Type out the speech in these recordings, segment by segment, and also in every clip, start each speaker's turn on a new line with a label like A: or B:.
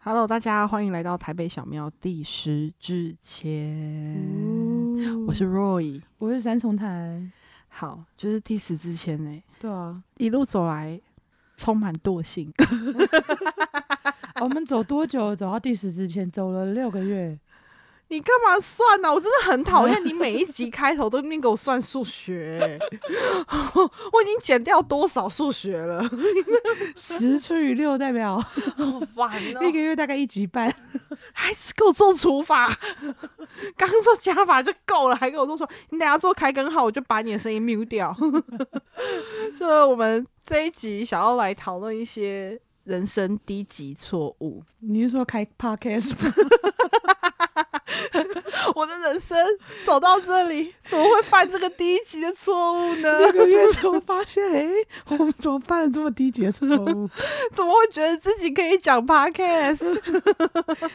A: Hello，大家歡迎來到台北小廟第十支籤，嗯、我是 Roy，我是三重台，好，就是第十支籤誒、欸，對啊，一路走來充滿惰性，我們走多久？走到第十支籤，走了六個月。你幹嘛算啊？我真的很討厭你每一集開頭都硬給我算數學、欸， 我已經減掉多少數學了？ 十除以六代表？ 好煩、喔！一個月大概一集半， 還是給我做除法？剛 做加法就夠了，還給我做除？你等下做開根號，我就把你的聲音 mute 掉。 所以我們這一集想要來討論一些人生低級錯誤。你是說開 podcast？ 我的人生走到這裡，怎麼會犯這個低級的錯誤呢？幾個月之後發現，哎、欸，我們怎麼犯了這麼低級的錯誤？ 怎麼會覺得自己可以講 podcast？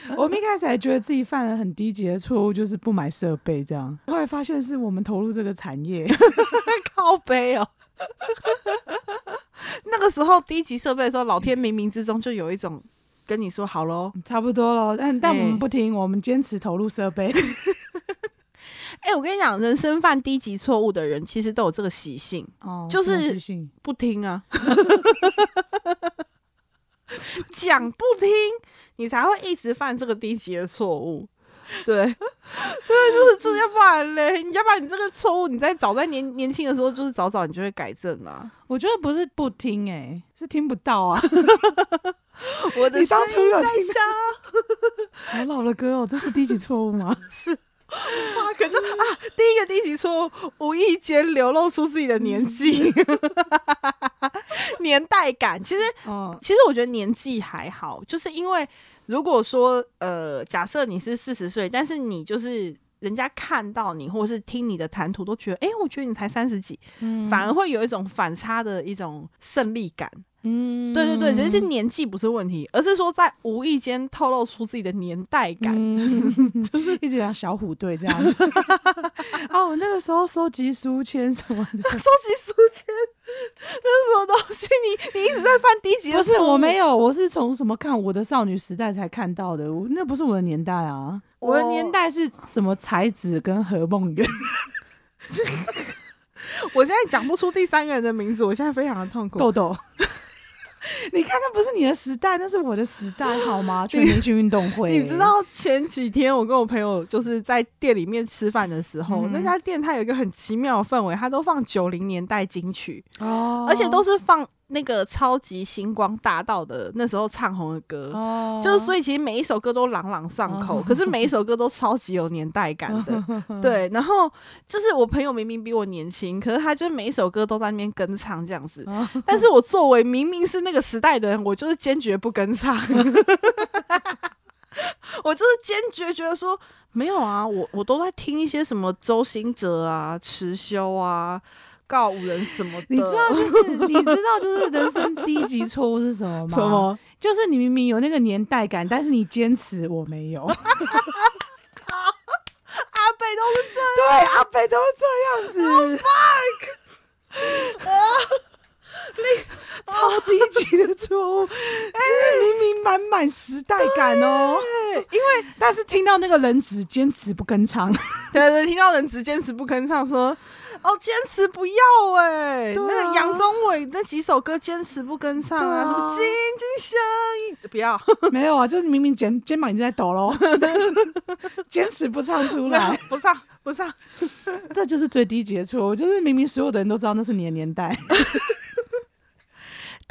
A: 嗯、我們一開始還覺得自己犯了很低級的錯誤，就是不買設備這樣。後來發現是我們投入這個產業， 靠北哦。那個時候低級設備的時候，老天冥冥之中就有一種。跟你說好嘍，差不多咯，但、欸、但我們不聽，我們堅持投入設備。哎、欸，我跟你講，人生犯低級錯誤的人，其實都有這個習性，哦、就是不聽啊，講 不聽，你才會一直犯這個低級的錯誤。對， 對，就是這。就是不然你這個錯誤，你在早在年年輕的時候就是早早你就會改正啦、啊。我覺得不是不聽哎、欸，是聽不到啊。我、 啊、的心音在笑，好老的歌哦，這是低級錯誤嗎？ 是，哇、 啊，可是啊，第一個低級錯誤，無意間流露出自己的年紀， 年代感。其實，其實我覺得年紀還好，就是因為如果說呃，假設你是四十歲，但是你就是。人家看到你，或者是聽你的談吐，都覺得，哎、欸，我覺得你才三十幾，嗯、反而會有一種反差的一種勝利感。嗯，對對對，其實年紀不是問題，而是說在無意間透露出自己的年代感，嗯、 就是一直像小虎隊這樣子。啊、 哦，我那個時候收集書籤什麼的，收集書籤。 這是什麼東西？你你一直在犯低級的， 不是？我沒有，我是從什麼看《我的少女時代》才看到的，那不是我的年代啊！我，我的年代是什麼？才子跟何夢圓， 我現在講不出第三個人的名字，我現在非常的痛苦。豆豆。 你看，那不是你的時代，那是我的時代，好嗎？全民去運動會，你知道前幾天我跟我朋友就是在店裡面吃飯的時候，嗯、那家店它有一個很奇妙的氛圍，它都放九零年代金曲哦，而且都是放。那個超級星光大道的那時候唱紅的歌，oh. 就是所以其實每一首歌都朗朗上口，oh. 可是每一首歌都超級有年代感的。Oh. 對，然後就是我朋友明明比我年輕，可是他就是每一首歌都在那邊跟唱這樣子，oh. 但是我作為明明是那個時代的人，我就是堅決不跟唱， 我就是堅決覺得說沒有啊，我我都在聽一些什麼周興哲啊、持修啊。告五人什麼？你知道就是 你知道就是人生低級錯誤是什麼嗎？什麼？就是你明明有那個年代感，但是你堅持我沒有。 阿北都是這樣，對，阿北都是這樣子。Oh my 超低級的錯誤，明明滿滿時代感哦。因為但是聽到那個人只堅持不跟唱，對對，聽到人只堅持不跟唱，說哦，堅持不要哎。那個楊宗緯那幾首歌堅持不跟唱啊，什麼《緊緊相依》不要。沒有啊，就是明明肩、肩膀已經在抖了，堅持不唱出來，不唱不唱，這就是最低級的錯誤。就是明明所有的人都知道那是你的年代。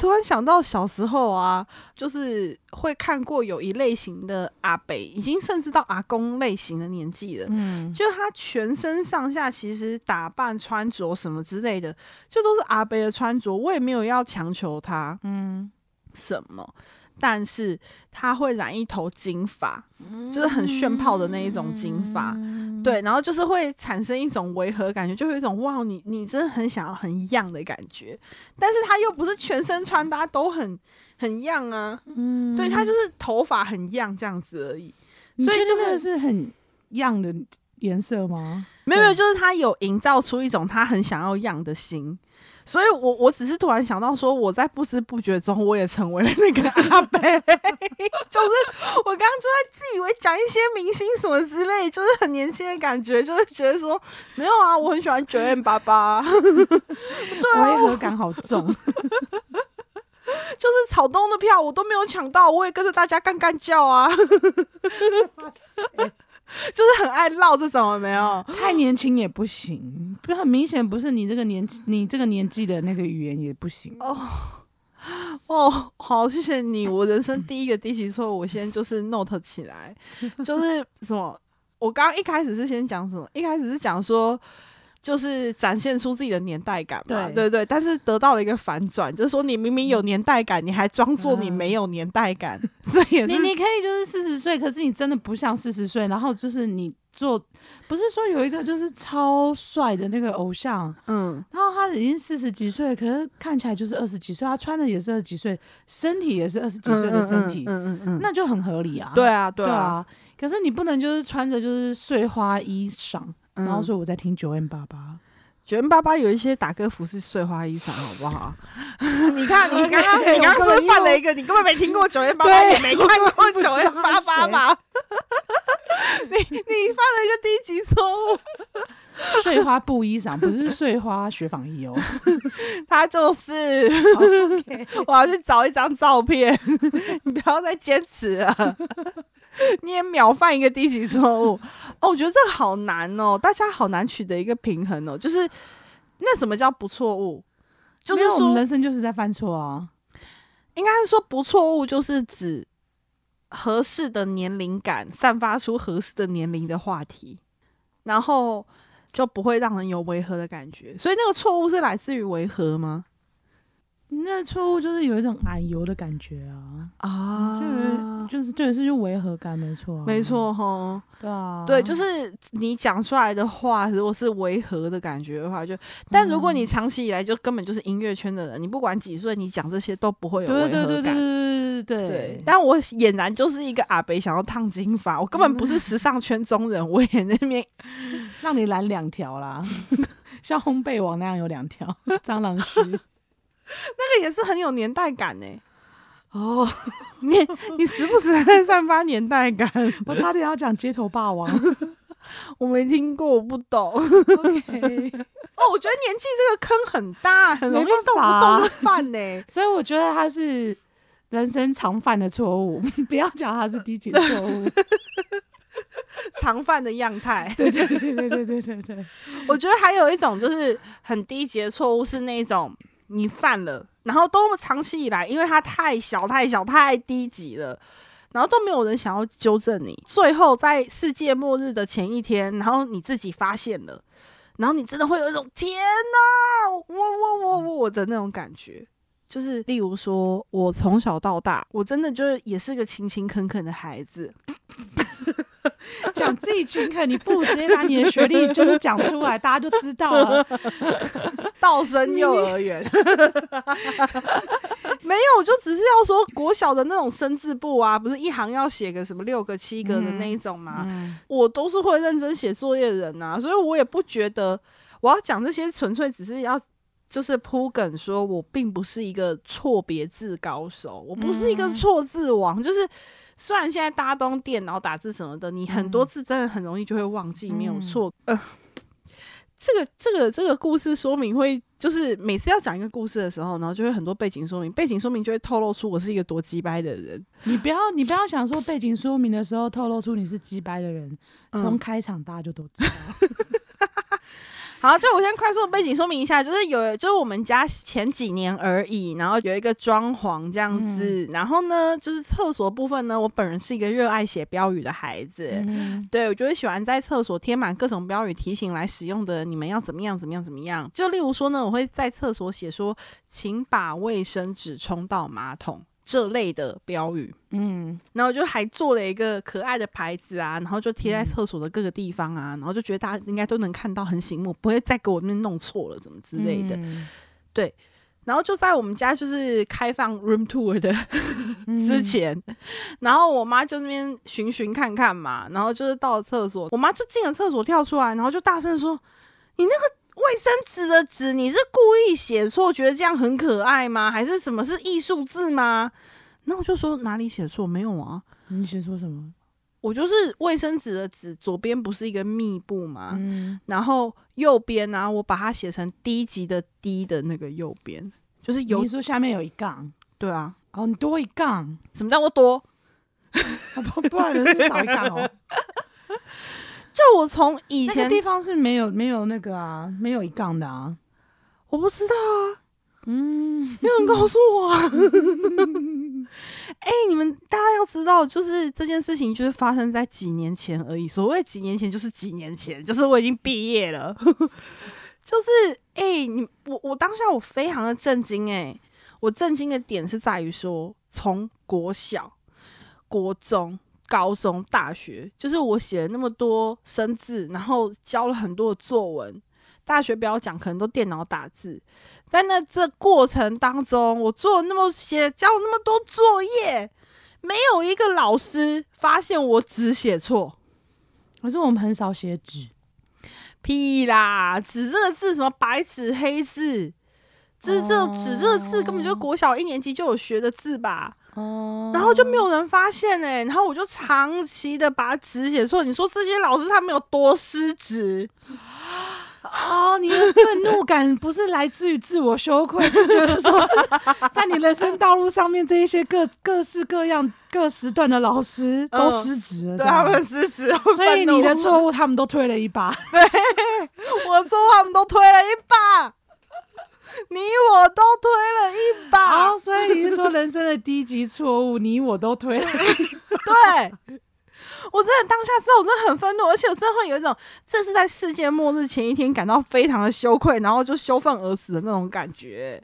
A: 突然想到小時候啊，就是會看過有一類型的阿北，已經甚至到阿公類型的年紀了。嗯，就是他全身上下其實打扮穿着什麼之類的，就都是阿北的穿着。我也沒有要強求他，嗯，什麼。嗯但是他會染一頭金髮，就是很炫泡的那一種金髮，嗯、對，然後就是會產生一種違和感覺，就會有一種哇，你你真的很想要很一樣的感覺，但是他又不是全身穿搭都很很一樣啊，嗯、對，他就是頭髮很一樣這樣子而已，
B: 所以這個
A: 是很一樣的。顏色嗎？沒有，沒有，就是他有營造出一種他很想要養的心，所以我我只是突然想到說，我在不知不覺中我也成為了那個阿伯 就是我剛剛就在自以為講一些明星什麼之類，就是很年輕的感覺，就是覺得說沒有啊，我很喜歡九月爸爸 對啊，違和感好重， 就是草東的票我都沒有搶到，我也跟着大家幹干叫啊。 就是很愛嘮這種，有沒有？太年輕也不行，就很明顯，不是你這個年紀，你這個年紀的那個語言也不行哦哦，好謝謝你，我人生第一個低級錯誤， 我先就是 note 起來，就是什麼，我剛剛一開始是先講什麼，一開始是講說。就是展現出自己的年代感嘛，對，對對，對，但是得到了一個反轉，就是說你明明有年代感，嗯、你還裝作你沒有年代感，這、嗯、也是你你可以就是四十歲，可是你真的不像四十歲，然後就是你做不是說有一個就是超帥的那個偶像，嗯，然後他已經四十幾歲，可是看起來就是二十幾歲，他穿的也是二十幾歲，身體也是二十幾歲的身體，嗯嗯嗯，嗯嗯嗯，那就很合理啊，對啊對啊，對啊，可是你不能就是穿着就是碎花衣裳。然後說我在聽 9m88，9m88 有一些打歌服是碎花衣裳，好不好？你看，你剛你剛剛是不是犯了一個？你根本沒聽過 9m88，也沒看過 9m88 嗎？你你犯了一個低級錯誤，碎花布衣裳不是碎花雪紡衣哦，它就是。我要去找一張照片，你不要再堅持了。 你也秒犯一個低級錯誤哦！我覺得這好難哦，大家好難取得一個平衡哦。就是那什麼叫不錯誤？就是說我們人生就是在犯錯啊、哦。應該是說不錯誤，就是指合適的年齡感，散發出合適的年齡的話題，然後就不會讓人有違和的感覺。所以那個錯誤是來自於違和嗎？那錯誤就是有一種矮油的感覺啊啊就，就是就為是就是就違和感沒錯，啊，沒錯，沒錯哈，對啊，對，就是你講出來的話，如果是違和的感覺的話，就但如果你長期以來就根本就是音樂圈的人，嗯、你不管幾歲，你講這些都不會有違和感。對對對對對對對。對對，但我儼然就是一個阿北，想要燙金髮，我根本不是時尚圈中人，嗯、我也那邊讓你染兩條啦， 像烘焙王那樣有兩條蟑螂鬚。 那個也是很有年代感呢、欸。哦，你 你時不時在散發年代感， 我差點要講《街頭霸王，》 我沒聽過，我不懂。Okay. 哦，我覺得年紀這個坑很大，很容易動不動就犯呢、欸。辦 所以我覺得他是人生常犯的錯誤，不要講他是低級的錯誤，常犯 的樣態。 對，對，對對對對對對對。 我覺得還有一種就是很低級的錯誤，是那種。你犯了，然後都長期以來，因為它太小、太小、太低級了，然後都沒有人想要糾正你。最後在世界末日的前一天，然後你自己發現了，然後你真的會有一種天吶、啊、我我我我，我的那種感覺。就是例如說，我從小到大，我真的就是也是個勤勤懇懇的孩子。 講 自己勤懇，你不直接把你的學歷就是講出來， 大家就知道了。 道生幼兒園你 沒有，就只是要說國小的那種生字簿啊，不是一行要寫個什麼六個七個的那一種嘛？嗯嗯、我都是會認真寫作業的人啊，所以我也不覺得我要講這些，純粹只是要就是鋪梗，說我並不是一個錯別字高手，我不是一個錯字王，嗯、就是。雖然現在大家都用電腦打字什麼的，你很多字真的很容易就會忘記，嗯、沒有錯。嗯、呃，這個這個這個故事說明會，就是每次要講一個故事的時候，然後就會很多背景說明，背景說明就會透露出我是一個多雞掰的人。你不要你不要想說背景說明的時候透露出你是雞掰的人，從、嗯、開場大家就都知道。嗯 好，就我先快速背景說明一下，就是有就是我們家前幾年而已，然後有一個裝潢這樣子，嗯、然後呢，就是廁所部分呢，我本人是一個熱愛寫標語的孩子，嗯、對，我就會喜歡在廁所貼滿各種標語提醒來使用的，你們要怎麼樣怎麼樣怎麼樣，就例如說呢，我會在廁所寫說，請把衛生紙沖到馬桶。這類的標語，嗯，然後就還做了一個可愛的牌子啊，然後就貼在廁所的各個地方啊，嗯、然後就覺得大家應該都能看到很醒目，不會再給我那邊弄錯了什麼之類的，嗯、對。然後就在我們家就是開放 room tour 的 之前，嗯、然後我媽就那邊尋尋看看嘛，然後就是到了廁所，我媽就進了廁所跳出來，然後就大聲說：“你那個。”衛生紙的紙，你是故意寫錯，覺得這樣很可愛嗎？還是什麼是藝術字嗎？那我就說哪裡寫錯？沒有啊。嗯，你寫錯什麼？我就是衛生紙的紙，左邊不是一個密布嗎？嗯，然後右邊呢，啊，我把它寫成低級的低的那個右邊，
B: 就是有，你說
A: 下面有一槓，對啊，哦，你多一槓，什麼叫做多？不 不然人是少一槓哦。 就我從以前那個地方是沒有沒有那個啊，沒有一槓的啊，我不知道啊，嗯，沒有人告訴我啊。哎、 欸，你們大家要知道，就是這件事情就是發生在幾年前而已。所謂幾年前，就是幾年前，就是我已經畢業了。 就是哎、欸，你我我當下我非常的震驚哎、欸，我震驚的點是在於說，從國小、國中。高中、大學，就是我寫了那麼多生字，然後交了很多的作文。大學不要講，可能都電腦打字。但在這過程當中，我做了那麼寫，交了那麼多作業，沒有一個老師發現我紙寫錯。可是我們很少寫紙，屁啦！紙這個字什麼白紙黑字？就是這字，哦、這個字根本就是國小一年級就有學的字吧。哦、然後就沒有人發現哎、欸，然後我就長期的把字寫錯。你說這些老師他們有多失職？啊、哦，你的憤怒感不是來自於自我羞愧， 是覺得說，在你人生道路上面這一些各各式各樣各時段的老師都失職、呃、對他們失職，所以你的錯誤他們都推了一把， 對，我的錯誤他們都推了一把。你我都推了一把，所以你是說人生的低級錯誤， 你我都推了一把。 對，我真的當下之後，我真的很憤怒，而且我真的會有一種這是在世界末日前一天感到非常的羞愧，然後就羞憤而死的那種感覺。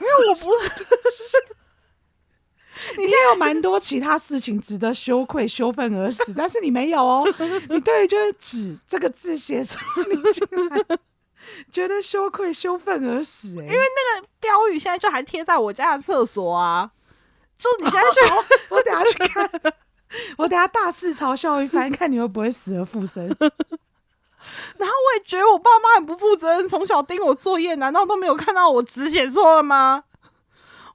A: 因為 我不， 你現在有蠻多其他事情值得羞愧羞憤而死，但是你沒有哦。 你對，就是“指這個字寫出你來。覺得羞愧，羞憤而死。欸，因為那個標語現在就還貼在我家的廁所啊！就你現在去，啊、我等下去看， 我等下大肆嘲笑一番， 看你會不會死而復生。 然後我也覺得我爸媽很不負責任，從小盯我作業，難道都沒有看到我字寫錯了嗎？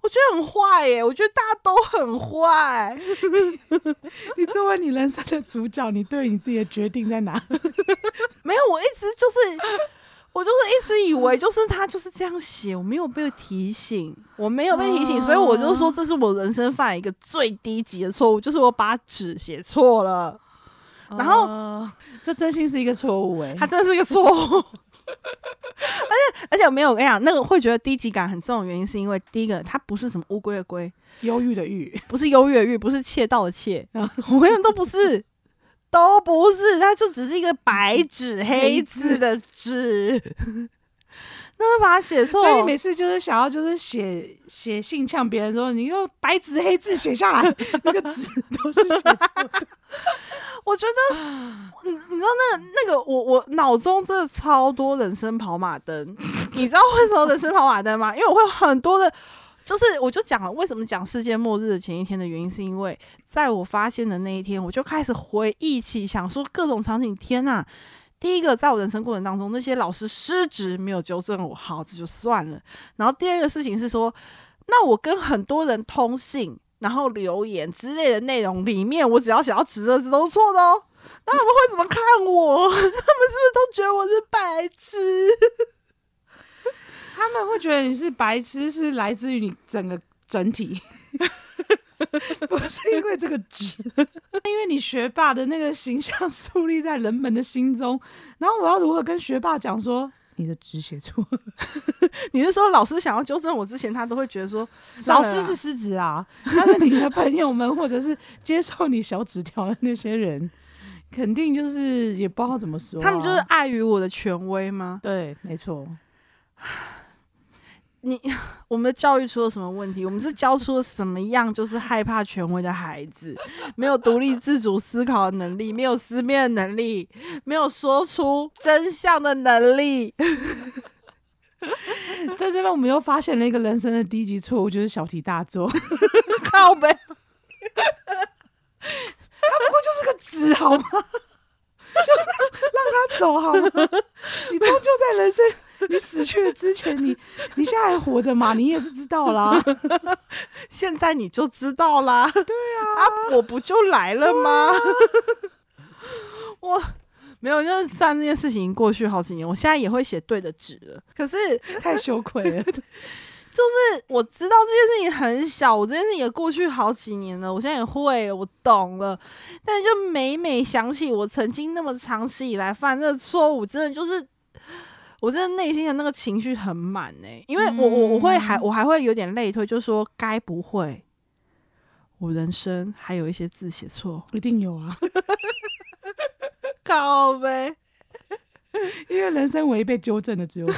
A: 我覺得很壞，誒，我覺得大家都很壞。 你作為你人生的主角，你對你自己的決定在哪？ 沒有，我一直就是。 我就是一直以為就是他就是這樣寫，我沒有被提醒，我沒有被提醒，啊、所以我就說，這是我人生犯一個最低級的錯誤，就是我把紙寫錯了。然後、啊、這真心是一個錯誤誒，他真的是一個錯誤。 而且而且我沒有跟你講，那個會覺得低級感很重的原因，是因為第一個他不是什麼烏龜的龜，憂鬱的鬱，不是憂鬱的鬱，不是竊盜的竊，好像都不是。都、哦，不是，它就只是一個白紙黑字的紙，字 那會把它寫錯。所以你每次就是想要就是寫寫信，嗆別人說，你用白紙黑字寫下來， 那個字都是寫錯的。 我覺得，你你知道那個、那個我我腦中真的超多人生跑馬燈。 你知道為什麼人生跑馬燈嗎？因為我會很多的。就是，我就講了為什麼講世界末日的前一天的原因，是因為在我發現的那一天，我就開始回憶起，想說各種場景。天哪、啊，第一個在我人生過程當中，那些老師失職沒有糾正我，好，這就算了。然後第二個事情是說，那我跟很多人通信，然後留言之類的內容裡面，我只要寫到直的，直都是錯的哦。那他們會怎麼看我？他們是不是都覺得我是白痴？他們會覺得你是白痴，是來自於你整個整體， 不是因為這個紙， 因為你學霸的那個形象樹立在人們的心中。然後我要如何跟學霸講說你的紙寫錯了。 你是說老師想要糾正我之前，他都會覺得說老師是失職啊？但是你的朋友們或者是接受你小紙條的那些人， 肯定就是也不知道怎麼說。他們就是礙於我的權威嗎？對，沒錯。你我們的教育出了什麼問題？我們是教出了什麼樣？就是害怕權威的孩子，沒有獨立自主思考的能力，沒有思辨的能力，沒有說出真相的能力。 在這邊，我們又發現了一個人生的低級錯誤，就是小題大做，靠北。他不過就是個紙好嗎？ 就讓他走好嗎？ 你終究在人生。你死去了之前， 你你現在還活着嗎？你也是知道啦， 現在你就知道啦。對啊，啊，我不就來了嗎？啊、 我沒有，就是算這件事情已經過去好幾年，我現在也會寫對的紙了。可是太羞愧了， 就是我知道這件事情很小，我這件事情也過去好幾年了，我現在也會，我懂了。但是就每每想起我曾經那麼長期以來犯這個錯誤，真的就是。我真的內心的那個情緒很滿誒、欸，因為我我、嗯、我會還我還會有點類推，就說該不會我人生還有一些字寫錯，一定有啊， 靠唄美！因為人生唯一被糾正的只有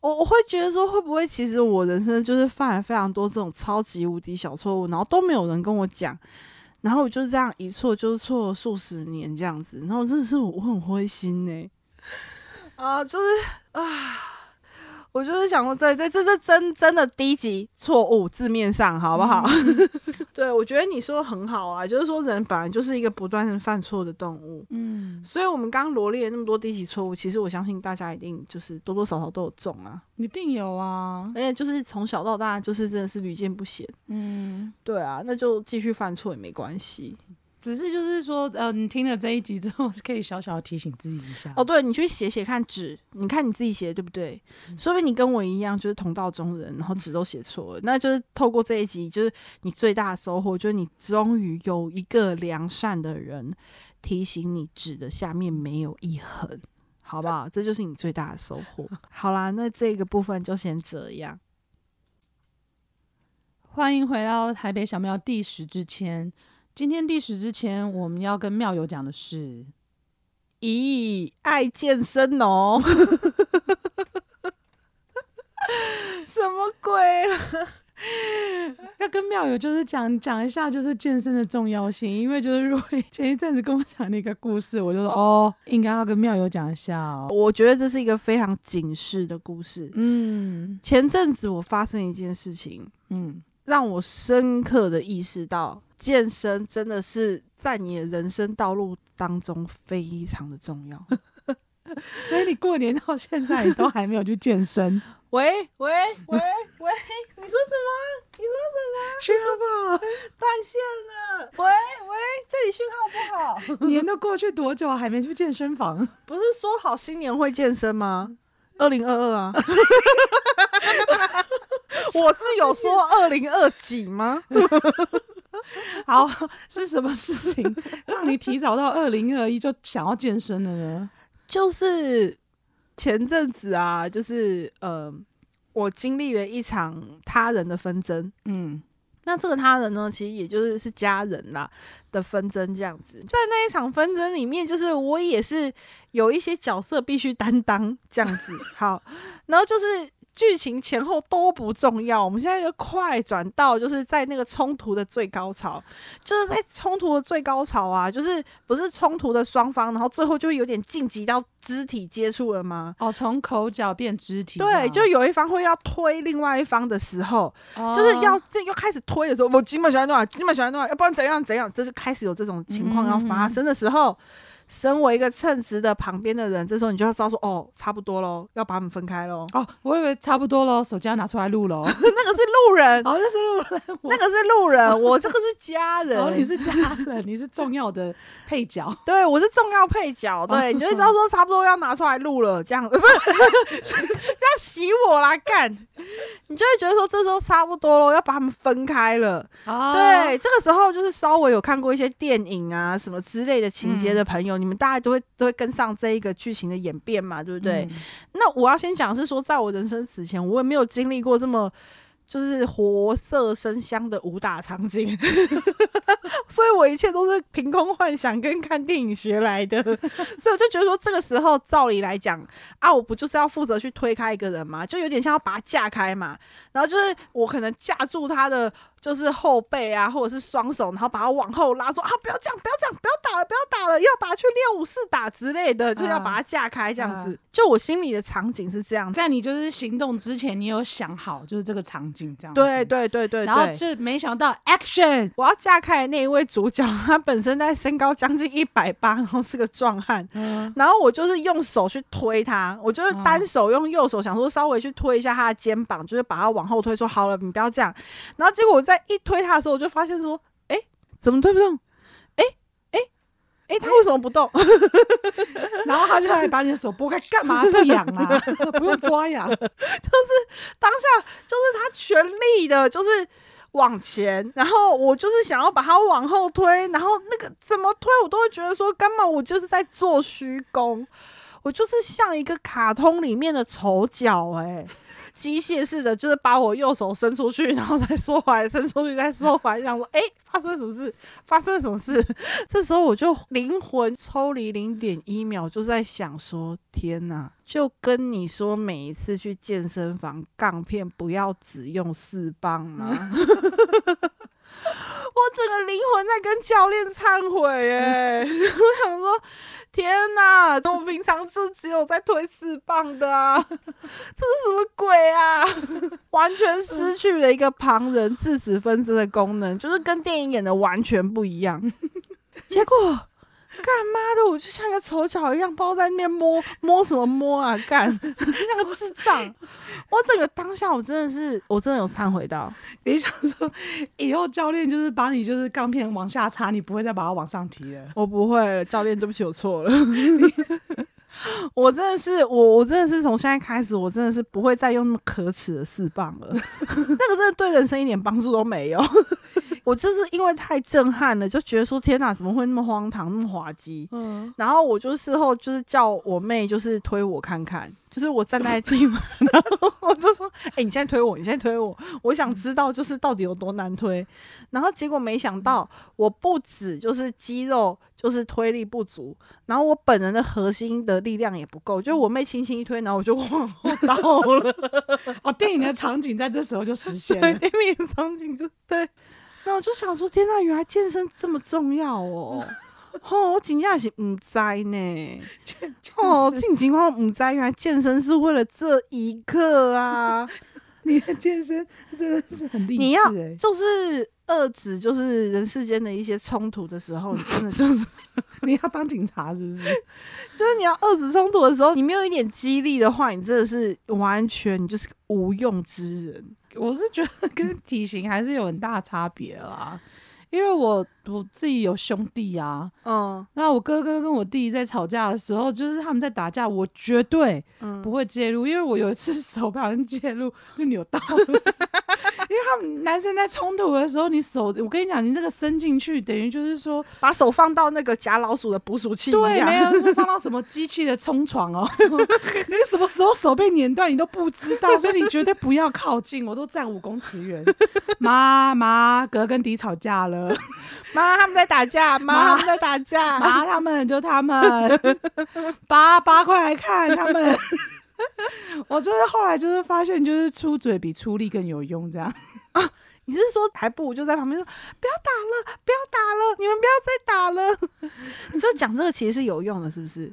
A: 我，我我會覺得說會不會其實我人生就是犯了非常多這種超級無敵小錯誤，然後都沒有人跟我講，然後我就是這樣一錯就錯數十年這樣子，然後真的是我我很灰心誒、欸。啊、呃，就是啊，我就是想說對對，在在這這真真的低級錯誤，字面上好不好？嗯、 對，我覺得你說的很好啊，就是說人本來就是一個不斷犯錯的動物，嗯，所以我們剛剛羅列了那麼多低級錯誤，其實我相信大家一定就是多多少少都有中啊，一定有啊，而且就是從小到大就是真的是屢見不鮮，嗯，對啊，那就繼續犯錯也沒關係。只是就是說，呃，你聽了這一集之後，可以小小的提醒自己一下。哦，對你去寫寫看紙，你看你自己寫的對不對？嗯、說不定你跟我一樣，就是同道中人，然後紙都寫錯了。嗯、那就是透過這一集，就是你最大的收穫，就是你終於有一個良善的人提醒你，紙的下面沒有一橫，好不好？嗯、這就是你最大的收穫。好啦，那這個部分就先這樣。歡迎回到台北小廟第十支籤。今天第十支籤，我們要跟妙友講的是：咦，愛健身哦， 什麼鬼了？要跟妙友就是講講一下，就是健身的重要性。因為就是，如果前一陣子跟我講那個故事，我就說哦，應該要跟妙友講一下哦。我覺得這是一個非常警示的故事。嗯，前陣子我發生一件事情，嗯，讓我深刻的意識到。健身真的是在你的人生道路當中非常的重要， 所以你過年到現在你都還沒有去健身？喂喂喂喂，喂喂 你說什麼？你說什麼？信號不好，斷線了。喂喂，這裡訊號不好。年都過去多久啊，還沒去健身房？ 不是說好新年會健身嗎？二零二二啊， 我是有說二零二幾嗎？ 好，是什麼事情讓你提早到二零二一就想要健身了呢？就是前陣子啊，就是呃，我經歷了一場他人的紛爭。嗯，那這個他人呢，其實也就是是家人啦、啊、的紛爭這樣子。在那一場紛爭裡面，就是我也是有一些角色必須擔當這樣子。 好，然後就是。劇情前後都不重要，我們現在就快轉到，就是在那個衝突的最高潮，就是在衝突的最高潮啊，就是不是衝突的雙方，然後最後就會有點晉級到肢體接觸了嗎？哦，從口角變肢體，對，就有一方會要推另外一方的時候，哦，就是要這又開始推的時候，我基本喜歡多少，基本喜歡多少，要不然怎樣怎樣，就是開始有這種情況要發生的時候。嗯身為一個稱職的旁邊的人，這時候你就要知道說，哦，差不多嘍，要把他們分開嘍。哦，我以為差不多嘍，手機要拿出來錄嘍。 那個是路人，哦，那、就是路人，那個是路人，我這個是家人。哦，你是家人，你是重要的配角。 對，我是重要配角。對，哦、你就會知道說，差不多要拿出來錄了，哦、這樣，不， 要洗我來幹。你就會覺得說，這時候差不多嘍，要把他們分開了。哦、對，這個時候就是稍微有看過一些電影啊什麼之類的情節的朋友、嗯。你們大家都會都會跟上這一個劇情的演變嘛，對不對？嗯、那我要先講是說，在我人生死前，我也沒有經歷過這麼就是活色生香的武打場景， 所以我一切都是憑空幻想跟看電影學來的， 所以我就覺得說這個時候照理來講啊，我不就是要負責去推開一個人嘛，就有點像要把他架開嘛，然後就是我可能架住他的。就是後背啊，或者是雙手，然後把他往後拉，說啊，不要這樣，不要這樣，不要打了，不要打了，要打去練武室打之類的，嗯、就要把他架開這樣子。嗯、就我心裡的場景是這樣，在你就是行動之前，你有想好就是這個場景這樣。對對對對。然後就沒想到、嗯、action，我要架開的那一位主角，他本身在身高將近一百八，然後是個壯漢，嗯、然後我就是用手去推他，我就是單手用右手想說稍微去推一下他的肩膀，就是把他往後推，說好了，你不要這樣。然後結果我在。一推他的時候，我就發現說：“哎、欸，怎麼推不動？哎哎哎，他為什麼不動？”欸、 然後他就開始把你的手撥開，幹嘛不癢啊？不用抓癢， 就是當下就是他全力的，就是往前。然後我就是想要把它往後推，然後那個怎麼推，我都會覺得說，根本我就是在做虛功，我就是像一個卡通裡面的丑角、欸，哎。機械式的，就是把我右手伸出去，然後再縮回來，伸出去再縮回來，想說，哎、欸，發生了什麼事？發生了什麼事？這時候我就靈魂抽離零點一秒，就在想說，天哪！就跟你說，每一次去健身房，槓片不要只用四磅嗎？ 我整個靈魂在跟教練懺悔、欸，誒、嗯，我 想說，天哪！我平常就只有在推四磅的、啊， 這是什麼鬼啊？ 完全失去了一個旁人制止紛爭的功能，嗯、就是跟電影演的完全不一樣。 結果。幹媽的，我就像一個丑角一樣，包在那邊摸摸什麼摸啊！幹，像個智障。 我整個當下，我真的是，我真的有懺悔到。你想說，以後教練就是把你就是槓片往下插，你不會再把它往上提了。我不會了，教練，對不起，我錯了。你 我真的是，我我真的是從現在開始，我真的是不會再用那麼可恥的四磅了。 那個真的對人生一點幫助都沒有。我就是因為太震撼了，就覺得說天哪、啊，怎麼會那麼荒唐，那麼滑稽？嗯，然後我就事後就是叫我妹，就是推我看看，就是我站在地嘛， 然後我就說，哎、欸，你現在推我，你現在推我，我想知道就是到底有多難推。然後結果沒想到，我不止就是肌肉就是推力不足，然後我本人的核心的力量也不夠，就我妹輕輕一推，然後我就哇，我倒了。 哦，電影的場景在這時候就實現了，對，電影的場景就對。那我就想說，天吶，原來健身這麼重要哦！哦，我驚訝是五災呢。健健哦，這種情況五災，原來健身是為了這一刻啊！ 你的健身真的是很勵志。你要就是遏制，就是人世間的一些衝突的時候， 你真的就是 你要當警察是不是？就是你要遏制衝突的時候，你沒有一點激勵的話，你真的是完全你就是個無用之人。我是覺得跟體型還是有很大差別啦，因為我。我自己有兄弟啊，嗯，那我哥哥跟我弟弟在吵架的時候，就是他們在打架，我絕對不會介入，因為我有一次手不小心介入就扭到了， 因為他們男生在衝突的時候，你手我跟你講，你這個伸進去等於就是說把手放到那個夾老鼠的捕鼠器一樣，對，沒有放到什麼機器的衝床哦， 你什麼時候手被碾斷你都不知道， 所以你絕對不要靠近，我都站五公尺遠。 媽媽，哥跟弟吵架了。 媽，他們在打架！媽，他們在打架！媽媽，他們就他們，爸爸呵快來看他們！呵呵，我就是後來就是發現，就是出嘴比出力更有用。這樣啊？你是說還不如就在旁邊說不要打了，不要打了，你們不要再打了？你說講這個其實是有用的，是不是？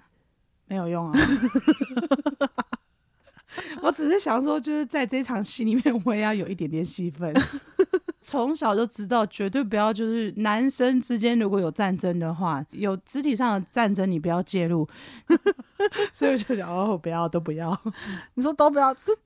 A: 沒有用啊！ 我只是想說，就是在這場戲裡面，我也要有一點點戲份。從 小就知道，絕對不要，就是男生之間如果有戰爭的話，有肢體上的戰爭，你不要介入。 所以我就想，哦，我不要，都不要。嗯，你說都不要，就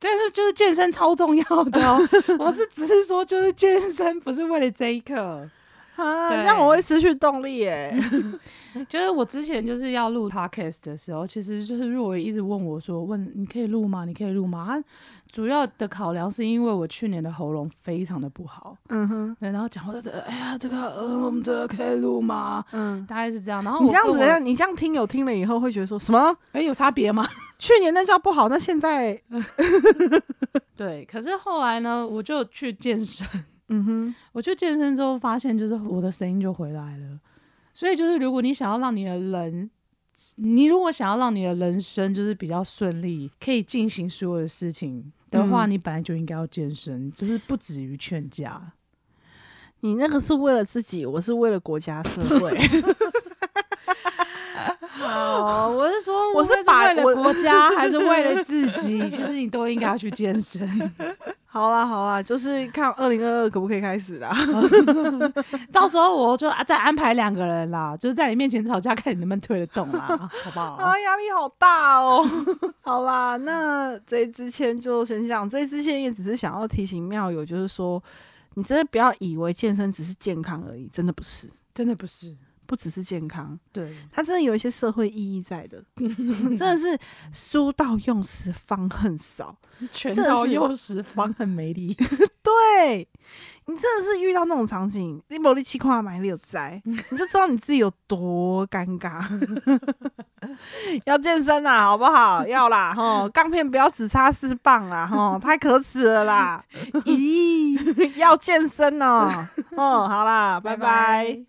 A: 是就是健身超重要的哦。 我是只是說，就是健身不是為了這一刻。啊，對這樣我會失去動力誒、欸， 就是我之前就是要錄 podcast 的時候，其實就是若維一,一直問我說，說問你可以錄嗎？你可以錄嗎？啊？主要的考量是因為我去年的喉嚨非常的不好，嗯哼，對然後講話都是哎呀，這個、呃、我們這個可以錄嗎？嗯，大概是這樣。然後我我你這樣子，你這樣聽友聽了以後會覺得說什麼？哎、欸，有差別嗎？ 去年那叫不好，那現在 對。可是後來呢，我就去健身。嗯哼，我去健身之後發現，就是我的聲音就回來了。所以，就是如果你想要讓你的人，你如果想要讓你的人生就是比較順利，可以進行所有的事情的話，嗯、你本來就應該要健身，就是不止於勸架。你那個是為了自己，我是為了國家社會。 哦，我是說，我是為了國家是還是為了自己？其實 你都應該去健身。好啦，好啦，就是看二零二二可不可以開始啦。 到時候我就再、啊、安排兩個人啦，就是在你面前吵架，看你能不能推得動啊？ 好不好？啊，壓力好大哦。 好啦，那這一支籤就先這樣，這一支籤也只是想要提醒妙友，就是說，你真的不要以為健身只是健康而已，真的不是，真的不是。不只是健康，對，它真的有一些社會意義在的，真的是書到用時方恨少，拳到用時方恨沒力。對，你真的是遇到那種場景，你沒力氣跨買地有栽，你就知道你自己有多尷尬。要健身啦，好不好？要啦，吼，鋼片不要只差四磅啦，吼，太可恥了啦。咦，要健身呢？哦，好啦，拜拜。